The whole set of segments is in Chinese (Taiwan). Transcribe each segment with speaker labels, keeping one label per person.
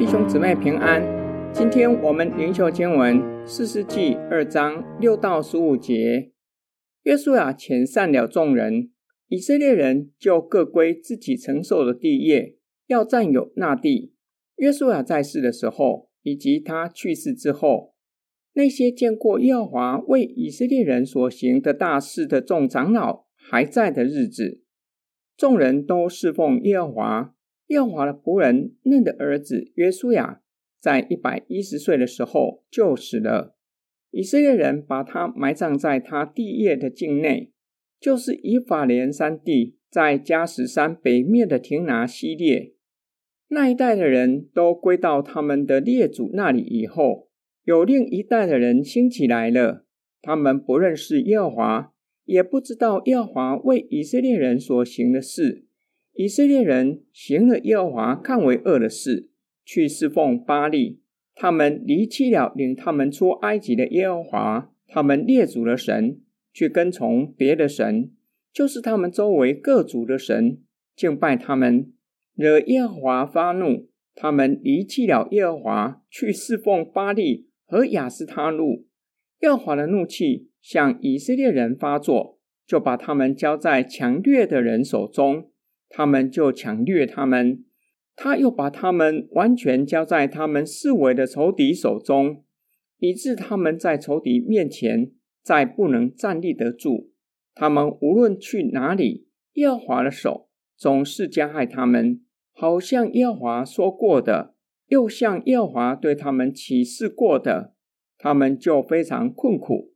Speaker 1: 弟兄姊妹平安，今天我們靈修經文士師記二章六到十五節。約書亞遣散了眾人，以色列人就各歸自己承受的地業，要佔有那地。約書亞在世的時候，以及他去世之後，那些見過耶和華為以色列人所行的大事的眾長老還在的日子，眾人都侍奉耶和華。耶和華的僕人嫩的兒子約書亞，在一百一十歲的時候就死了。以色列人把他埋葬在他地業的境內，就是以法蓮山地，在迦實山北面的亭拿．希烈。那一代的人都歸到他們的列祖那裡以後，有另一代的人興起來了。他們不認識耶和華，也不知道耶和華為以色列人所行的事。以色列人行了耶和華看為惡的事，去事奉巴力，他們離棄了領他們出埃及的耶和華，他們列祖的神，去跟從別的神，就是他們周圍各族的神，敬拜他們，惹耶和華發怒。他們離棄了耶和華，去事奉巴力和亞斯他錄。耶和華的怒氣向以色列人發作，就把他們交在搶掠的人手中。他們就搶掠他們，他又把他們完全交在他們四圍的仇敵手中，以致他們在仇敵面前再不能站立得住。他們無論去哪裡，耶和華的手總是加害他們，好像耶和華說過的，又像耶和華對他們起誓過的，他們就非常困苦。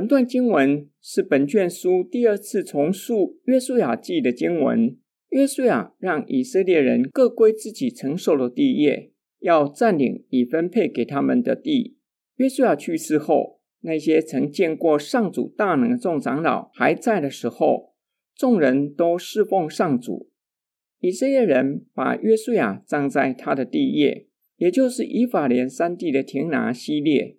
Speaker 1: 本段經文是本卷書第二次重述約書亞記的經文。約書亞讓以色列人各歸自己承受的地業，要占領已分配給他們的地。約書亞去世後，那些曾見過上主大能眾長老還在的時候，眾人都侍奉上主。以色列人把約書亞葬在他的地業，也就是以法連三地的亭拿西列。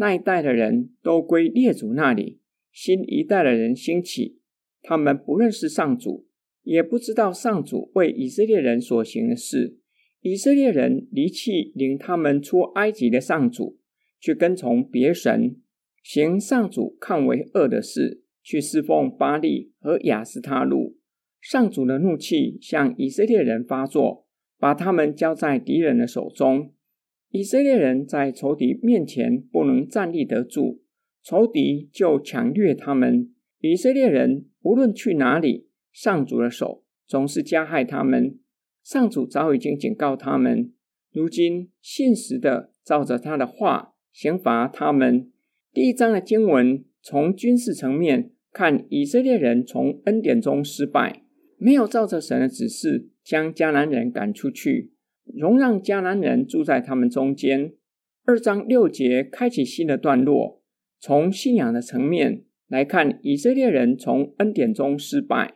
Speaker 1: 那一代的人都歸列祖那裡，新一代的人興起，他們不認識上主，也不知道上主為以色列人所行的事。以色列人離棄領他們出埃及的上主，去跟從別神，行上主看為惡的事，去事奉巴力和亞斯他錄。上主的怒氣向以色列人發作，把他們交在敵人的手中。以色列人在仇敵面前不能站立得住，仇敵就搶掠他們。以色列人無論去哪裡，上主的手總是加害他們。上主早已經警告他們，如今信實地照着他的話，刑罰他們。第一章的經文從軍事層面看，以色列人從恩典中失敗，沒有照着神的指示將迦南人趕出去。容讓迦南人住在他們中間。二章六節開啟新的段落，從信仰的層面來看，以色列人從恩典中失敗，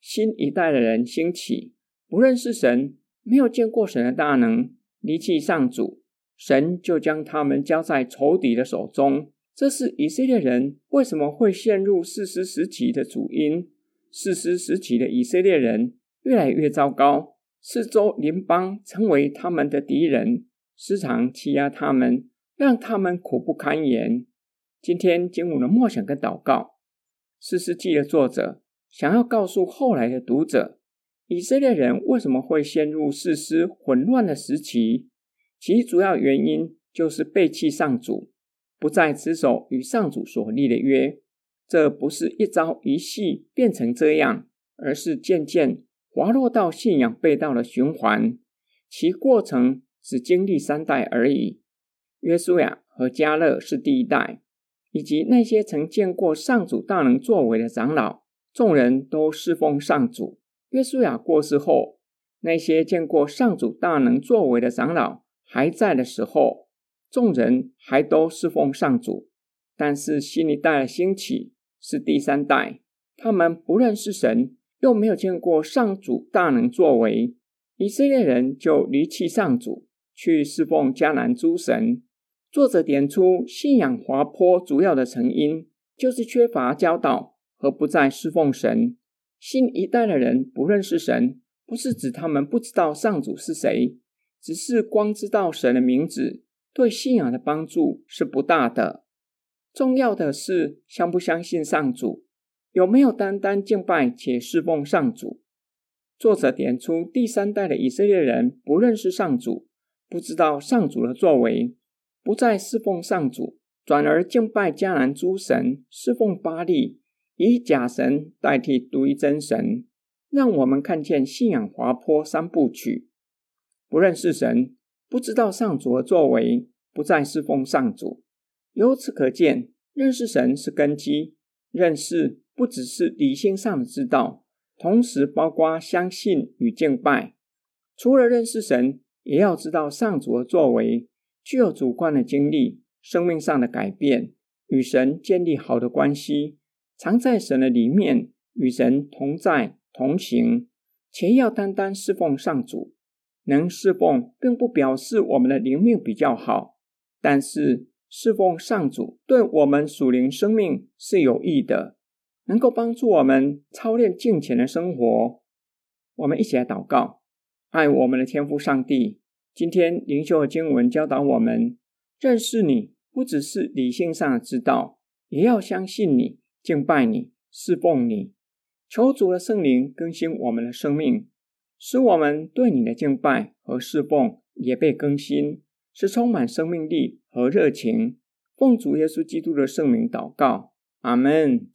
Speaker 1: 新一代的人興起。不認識神，沒有見過神的大能，離棄上主，神就將他們交在仇敵的手中。這是以色列人為什麼會陷入士師時期的主因。士師時期的以色列人越來越糟糕。四周鄰邦成為他們的敵人，時常欺壓他們，讓他們苦不堪言。今天經文的默想跟禱告，士師記的作者想要告訴後來的讀者，以色列人為什麼會陷入士師混亂的時期？其主要原因就是背棄上主，不再持守與上主所立的約。這不是一朝一夕變成這樣，而是漸漸滑落到信仰背道的循環，其過程只經歷三代而已。約書亞和迦勒是第一代，以及那些曾見過上主大能作為的長老，眾人都事奉上主。約書亞過世後，那些見過上主大能作為的長老還在的時候，眾人還都事奉上主。但是，新一代的興起是第三代，他們不認識神。又沒有見過上主大能作為，以色列人就離棄上主，去侍奉迦南諸神。作者點出信仰滑坡主要的成因，就是缺乏教導和不再侍奉神。新一代的人不認識神，不是指他們不知道上主是誰，只是光知道神的名字，對信仰的幫助是不大的。重要的是相不相信上主。有沒有單單敬拜且事奉上主？作者點出第三代的以色列人不認識上主，不知道上主的作為，不再事奉上主，轉而敬拜迦南諸神，事奉巴力，以假神代替獨一真神，讓我們看見信仰滑坡三部曲：不認識神，不知道上主的作為，不再事奉上主。由此可見，認識神是根基，認識。不只是理性上的知道，同時包括相信與敬拜。除了認識神，也要知道上主的作為，具有主觀的經歷，生命上的改變，與神建立好的關係，常在神的裡面，與神同在同行，且要單單侍奉上主。能侍奉，並不表示我們的靈命比較好，但是侍奉上主對我們屬靈生命是有益的。能夠幫助我們操練敬虔的生活，我們一起來禱告，愛我們的天父上帝。今天靈修的經文教導我們認識你，不只是理性上的知道，也要相信你、敬拜你、侍奉你。求主的聖靈更新我們的生命，使我們對你的敬拜和侍奉也被更新，是充滿生命力和熱情。奉主耶穌基督的聖名禱告，阿門。